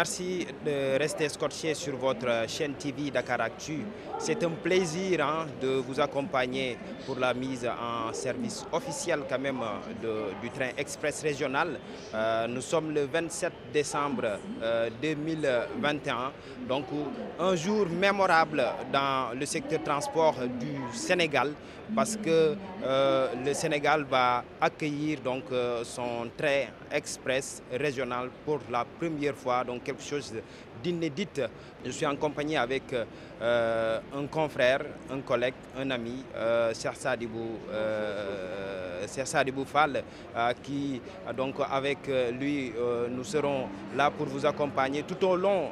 Merci de rester scotché sur votre chaîne TV Dakar Actu. C'est un plaisir hein, de vous accompagner pour la mise en service officielle quand même euh, du train express régional. Euh, nous sommes le 27 décembre 2021, euh, donc un jour mémorable dans le secteur transport du Sénégal parce que le Sénégal va accueillir donc son train express régional pour la première fois. aquel que é chose d'inédite. Je suis en compagnie avec euh, un confrère, un collègue, un ami, euh, Sersa euh, euh, qui donc avec lui, nous serons là pour vous accompagner tout au long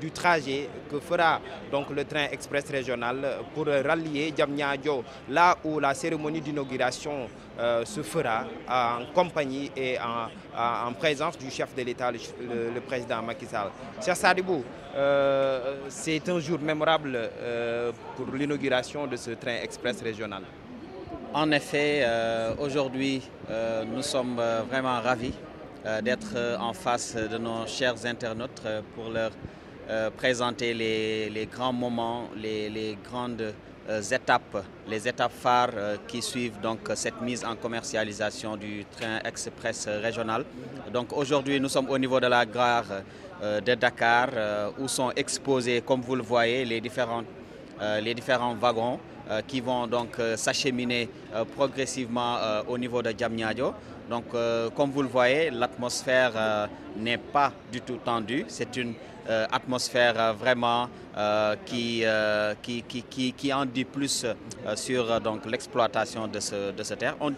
du trajet que fera donc le train express régional pour rallier Dio là où la cérémonie d'inauguration se fera en compagnie et en, présence du chef de l'État, le président Macky Sall. Cher euh, c'est un jour mémorable euh, pour l'inauguration de ce train express régional. En effet, euh, aujourd'hui, nous sommes vraiment ravis d'être en face de nos chers internautes pour leur présenter les, grands moments, les grandes euh, étapes, les étapes phares euh, qui suivent donc cette mise en commercialisation du train express régional. Donc aujourd'hui, nous sommes au niveau de la gare euh, de Dakar où sont exposés, comme vous le voyez, les différents, les différents wagons euh, qui vont donc euh, s'acheminer euh, progressivement au niveau de Djamniadio. Donc, comme vous le voyez, l'atmosphère n'est pas du tout tendue. C'est une atmosphère vraiment qui, qui, qui, qui, en dit plus sur donc l'exploitation de, ce, de cette terre. On,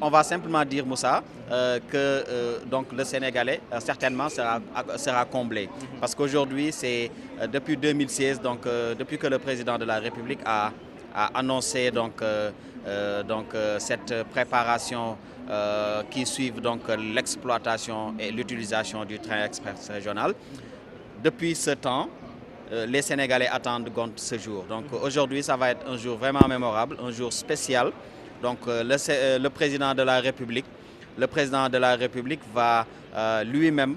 on, va simplement dire, Moussa, que donc le Sénégalais certainement sera, sera comblé. Parce qu'aujourd'hui, c'est depuis 2016, donc depuis que le président de la République a a annoncé donc, euh, euh, donc, euh, cette préparation qui suit l'exploitation et l'utilisation du train express régional. Depuis ce temps, les Sénégalais attendent ce jour. Donc aujourd'hui, ça va être un jour vraiment mémorable, un jour spécial. Donc le, président de la République, le président de la République va lui-même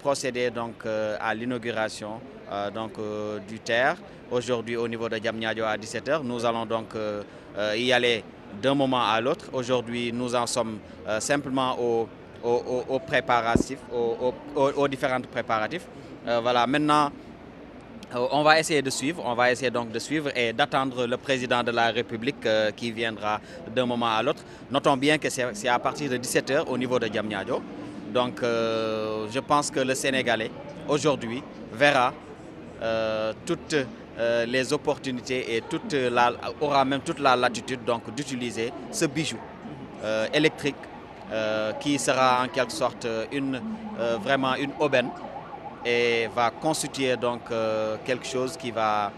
procéder donc à l'inauguration euh, donc, euh, du terre. Aujourd'hui, au niveau de Diamniadio à 17h, nous allons donc euh, y aller d'un moment à l'autre. Aujourd'hui, nous en sommes simplement aux, aux, préparatifs, aux, différents préparatifs. voilà, maintenant, on va essayer de suivre, on va essayer donc de suivre et d'attendre le président de la République qui viendra d'un moment à l'autre. Notons bien que c'est à partir de 17h au niveau de Diamniadio. Donc je pense que le Sénégalais, aujourd'hui, verra euh, toutes euh, les opportunités et toute la, aura même toute la latitude d'utiliser ce bijou euh, électrique qui sera en quelque sorte une, vraiment une aubaine et va constituer donc quelque chose qui va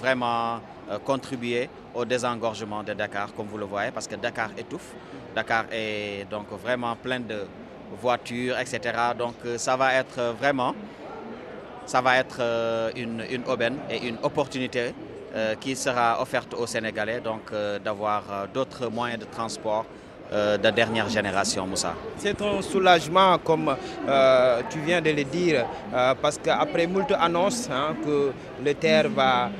vraiment contribuer au désengorgement de Dakar comme vous le voyez parce que Dakar étouffe, Dakar est donc vraiment plein de voitures etc. Donc ça va être vraiment ça va être euh, une, aubaine et une opportunité euh, qui sera offerte aux Sénégalais, donc euh, d'avoir d'autres moyens de transport de dernière génération, Moussa. C'est un soulagement, comme tu viens de le dire, parce qu'après beaucoup annonces hein, que le terre va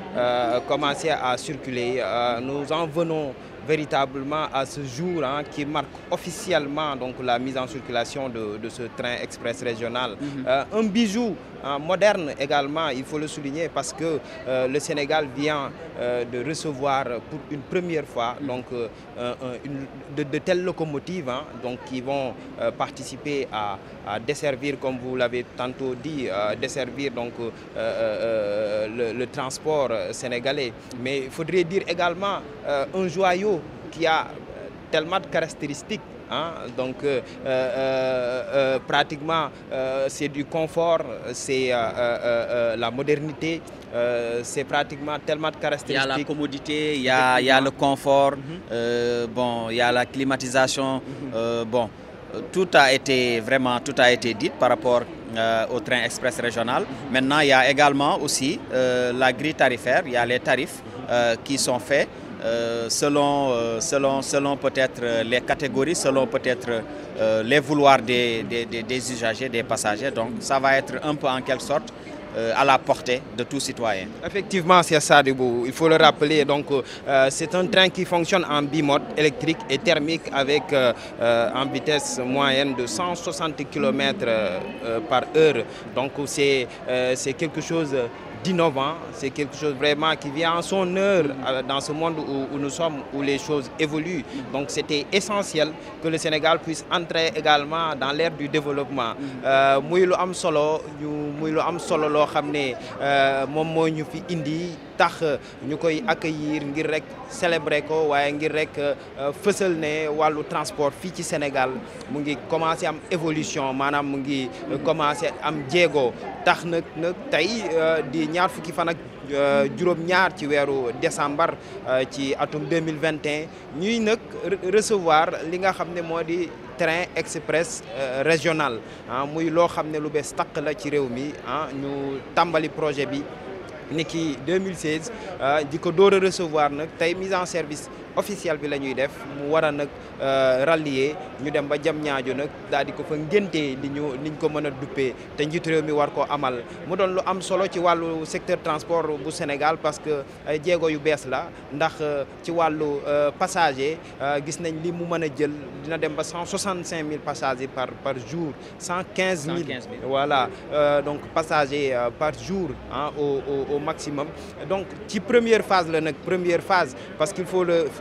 commencer à circuler, nous en venons véritablement à ce jour hein, qui marque officiellement donc, la mise en circulation de, ce train express régional. Mhm. Euh, un bijou hein, moderne également, il faut le souligner, parce que euh, le Sénégal vient euh, de recevoir pour une première fois mhm. donc, de, telles locomotives hein, donc, qui vont participer à, desservir, comme vous l'avez tantôt dit, desservir donc, le, transport sénégalais. Mais il faudrait dire également un joyau il y a euh, tellement de caractéristiques. Hein. donc euh, euh, pratiquement c'est du confort, c'est la modernité, c'est pratiquement tellement de caractéristiques. Il y a la commodité, il y a, le confort, mhm. bon, il y a la climatisation, mhm. bon, tout a été vraiment tout a été dit par rapport au train express régional. Mhm. Maintenant, il y a également aussi la grille tarifaire, il y a les tarifs qui sont faits euh, selon, euh, selon, selon peut-être euh, les catégories, selon peut-être les vouloirs des, usagers, des passagers. Donc ça va être un peu en quelle sorte à la portée de tout citoyen. Effectivement, c'est ça, Il faut le rappeler. Donc, c'est un train qui fonctionne en bimode électrique et thermique avec une en vitesse moyenne de 160 km par heure. Donc, c'est quelque chose c'est quelque chose vraiment qui vient en son heure euh, dans ce monde où, nous sommes, où les choses évoluent. Donc c'était essentiel que le Sénégal puisse entrer également dans l'ère du développement. Mm-hmm. Euh, solo solo tax euh, ñu koy accueillir ngir rek célébrer ko waaye ngir rek feussel euh, né walu transport fi ci Sénégal mu ngi commencer am évolution manam mu ngi euh, commencer am jéego tax nak nag tey di ñaar fukki fan ak juróom ñaar ci wéru décembre ci atum 2021 ñuy nak recevoir li nga xamné modi train express régional ah muy loo xam lu bees tak la ci réew mi ah, ñu tambali projet bi ni 2016 dit ko door recevoir nak tay mise en service officiel bi la def mu war a nag euh, rallier ñu dem ba jam ñaaju nak daal ko fa ngenté li ñu niñ ko mëna a té te njiit réew mi war ko amal mu don lu am solo ci walu secteur transport bu Sénégal parce que djégo yu bees la ndax euh, ci wàllu euh, passager gis nañ li mu mëna jël dina dem ba cent passagers par par jour 115 000. voilà euh, donc passagers par jour hein, au, au au maximum donc ci première phase la nak première phase parce qu'il faut le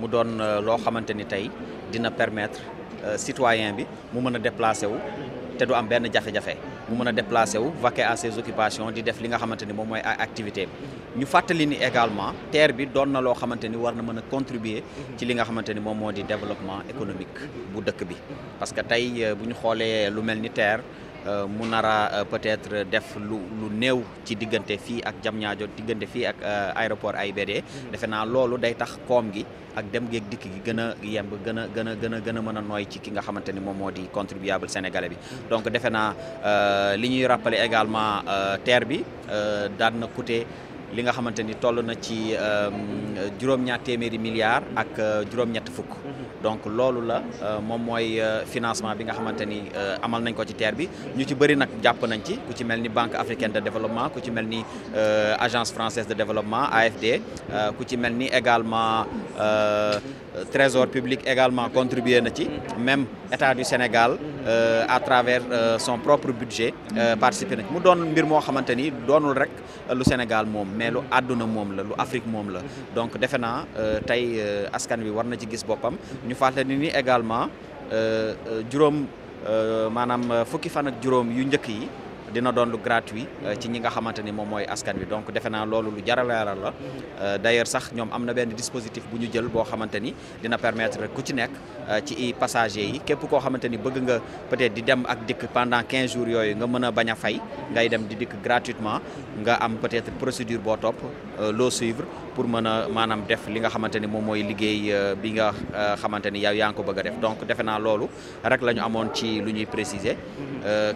mu donne euh, loo xamante ni dina permettre euh, citoyen bi mu meuna déplacer wu te du am ben jafe jafé mu meuna déplacer wu vaquer à ses occupations di def li nga xamanteni mom moy activité ñu fatali ni également terre bi doon na loo xamante ni war na contribuer ci li nga xamanteni mom modi développement économique bu dëkk bi parce que tay euh, bu xolé lu melni terre Euh, mu nara euh, peut-être def lu lu néew ci diggante fii ak jam Diamniadio diggante fii ak ay euh, AIBD mhm. defe naa loolu day tax koom gi ak dem geeg dikk gi gën a yemb gën a gën a gën a gën a mën a nooy ci ki nga xamante ni moom moo di contribuable sénégalais bi mhm. donc defe naa li ñuy rappeler également terre bi daan na coûter li nga xamante ni toll na ci euh, juróom-ñaar téeméeri milliards ak euh, juróom-ñett fukk mhm. donc loolu la euh, moom mooy financement bi nga xamante ni amal nañ ko ci TER bi ñu ci bëri nag jàpp nañ ci ku ci mel ni Banque africaine de développement ku ci mel ni Agence française de développement AFD ku ci mel ni également Trésor public également contribué na ci mhm. même état du Sénégal euh, à travers euh, son propre budget euh, participer na mu doon mbir mo xamanteni donul rek lu Sénégal mom mais lu aduna mom la lu Afrique mom la donc defe naa tey askan wi warna ci gis bopam ñu faté ni également euh, manam fukki fan ak juróom yu ñëk yi dina doon lu gratuit euh, ci ñi nga xamante ni moom askan bi donc defe naa lu jar a leeral la euh, d' ailleurs sax ñoom am na dispositif bu ñu jël boo xamante dina permettre ku ci nekk euh, ci passager yi képp koo xamante bëgg nga peut être di dem ak dikk pendant 15 jours yooyu nga mën a fay ngay dem di dikk gratuitement nga am peut être procédure boo top lo suivre pour mën manam maanaam def li nga xamante ni moom liggéey bi nga xamante ni yow ko bëgg def donc defe naa rek ci lu ñuy préciser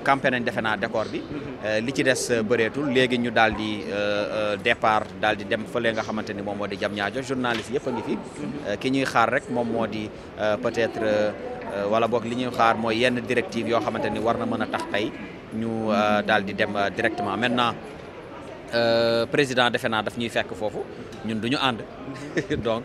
campé nañ décor bi Euh, li ci des euh, bëreetul léegi ñu daal di euh, départ daal di dem fële nga xamante ni moom moo di jam ñaajo journaliste yëpp a ngi fi mhm. ki ñuy xaar rek moom moo di peut-être wala boog li ñuy xaar mooy yenn directive yoo xamante ni war na mën a tax tey ñu daal di dem directement maintenant président defe naa daf ñuy fekk foofu ñun du ñu ànd mhm. donc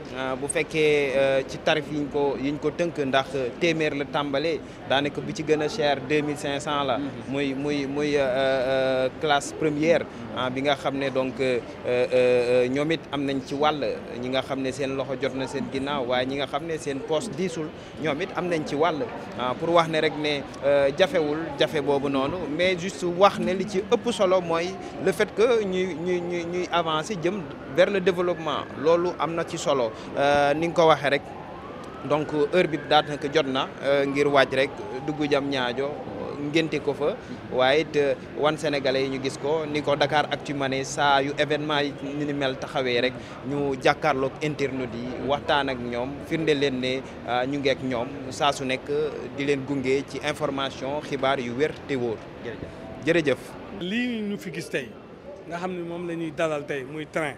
Euh, bu fekkee euh, ci tarif yiñ ko yiñ ko tënk ndax téeméer la tàmbalee daanaka bi ci gën a cher 2500 mille la. Mhm. muy muy muy euh, classe première. Mhm. Ah, bi nga xam ne donc ñoom it am nañ ci wàll ñi nga xam ne seen loxo jot na seen ginnaaw waaye ñi nga xam ne seen poste diisul ñoom it am nañ ci wàll ah, pour wax ne rek ne jafewul jafe boobu noonu mais juste wax ne li ci ëpp solo mooy le fait que ñuy ñuy ñuy avancer jëm vers le développement loolu am na ci solo. Euh, ni nga ko waxee rek donc heure bi daanaka jot na euh, ngir waaj rek dugg jam ñaajo ngénte ko fa waaye it euh, wan sénégalais yi ñu gis ko ni ko Dakar Actu ne saa yu événement yi ni mel taxawee rek ñu jàkkaarloog internet yi waxtaan ak ñoom firnde leen ne ñu ngeek ñoom saa su nekk di leen gunge ci information xibaar yu wér te wóor. jërëjëf. lii ñu fi gis tey nga xam ne moom la ñuy dalal tey muy train.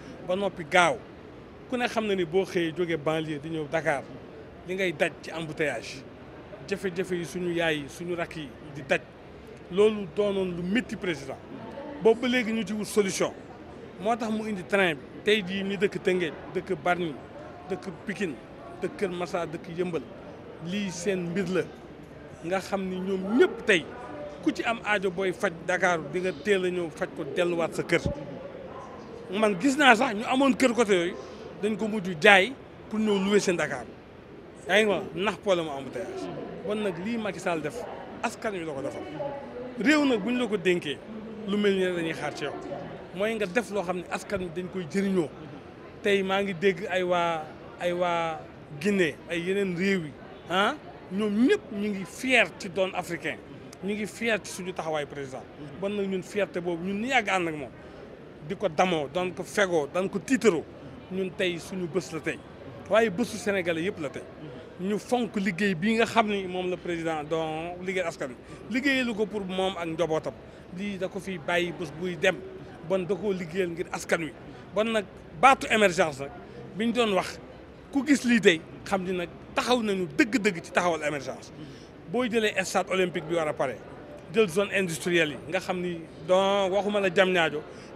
ba noppi gaaw ku ne xam na ni boo xëyee jógee banlier di ñëw dakaar li ngay daj ci embouteillage jafe-jafe yi suñu yaay yi suñu rakk yi di daj loolu doonoon lu métti président boobu léegi ñu ci wut solution moo tax mu indi train bi tey jii ñu dëkk Tëngéej dëkk Bargny dëkk pikin dëkk Kër Massa dëkk Yëmbal lii seen mbir la nga xam ni ñoom ñëpp tey ku ci am aajo booy faj dakaaru di nga teel a ñëw faj ko delluwaat sa kër man gis naa sax ñu amoon kër côté yooyu dañ ko mujj jaay pour ñëw louer seen Dakar yaa ngi wax ndax problème mu embouteillage bon nag lii Macky Sall def askan wi la ko defal réew nag bu ñu la ko dénkee lu mel ni dañuy xaar ci mooy nga def loo xam ne askan wi dañ koy jëriñoo tey maa ngi dégg ay waa ay waa Guinée ay yeneen réew yi ah ñoom ñëpp ñu ngi fier ci doon africain ñu ngi fier ci suñu taxawaay président bon nag ñun fierté boobu ñun ñu yàgg ànd ak moom. di ko damoo daan ko fegoo daan ko tiitaroo ñun tey suñu bës la tey waaye bésu sénégalais yëpp la tey ñu fonk liggéey bii nga xam ni moom la président don liggéey askan liggéeyalu ko pour moom ak njobootam lii da ko fiy bàyyi bés buy dem bon da koo liggéeyal ngir askan wi ban nag baatu émergence nag bi ñu doon wax ku gis lii tey xam ni nag taxaw nañu dëgg-dëgg ci taxawal émergence booy jëlee stade olympique bi war a pare jël zone industrielle yi nga xam ni don waxuma la jam ñaajo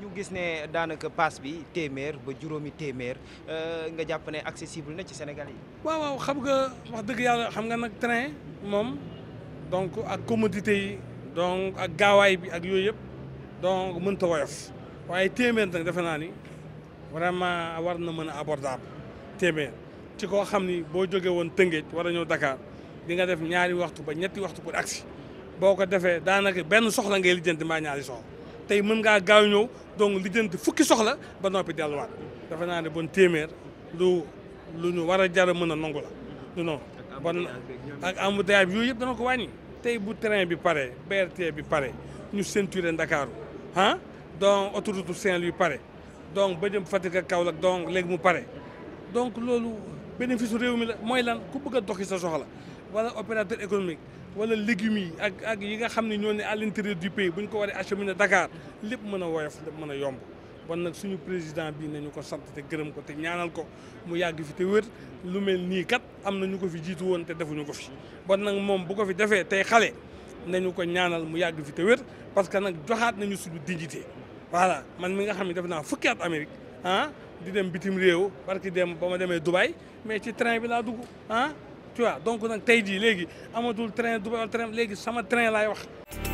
ñu gis ne daanaka paas bi téeméer ba juróomi téeméer euh, nga jàpp ne accessible na ci Sénégal yi. waaw waaw xam nga wax dëgg yàlla xam nga nag train moom donc ak commodité yi donc ak gaawaay bi ak yooyu yëpp donc mënta woyof waaye téeméer nag defe naa ni vraiment war na mën a abordable téeméer ci ko xam ni boo jógee woon Tëngéej war a ñëw dakaar bi nga def ñaari waxtu ba ñetti waxtu pour agsi boo ko defee daanaka benn soxla ngay lijjanti mbaa ñaari soxla donc lijjanti fukki soxla ba noppi delluwaat dafa naa ne bon téeméer lu lu ñu war a jar a mën a nangu la du non bon ak embouteillage bi yooyu yëpp dana ko wàññi tey bu train bi pare BRT bi pare ñu ceinturer Ndakaaru ah donc autoroute Saint-Louis pare donc ba jëm Fatick ak Kaolack donc léegi mu pare donc loolu bénéfice réew mi la mooy lan ku bëgg doxi sa soxla wala opérateur économique ولا ليجومي اك اك ييغا خامني نوني ا لانتيريو دو بي بو نكو واري اشيمينا داكار ليب مانا ويف ليب مانا يومب بون نك سونو بريزيدان بي نانيو كو سانت تي گرم كو تي نيانال كو مو ياغ في تي وير لو مل ني كات امنا نيو كو في جيتو وون تي دافو نيو كو في بون نك موم بو كو في دافي تي خالي نانيو كو نيانال مو ياغ في تي وير باسكو نك جوخات نانيو سونو ديجيتي فوالا مان ميغا خامني دافنا فوكيات امريك ها دي ديم بيتيم ريو باركي ديم باما ديمي دبي مي تي ترين بي لا دوغو ها tu vois donc nag tey jii léegi amatul train Dubaï train léegi sama train laay wax.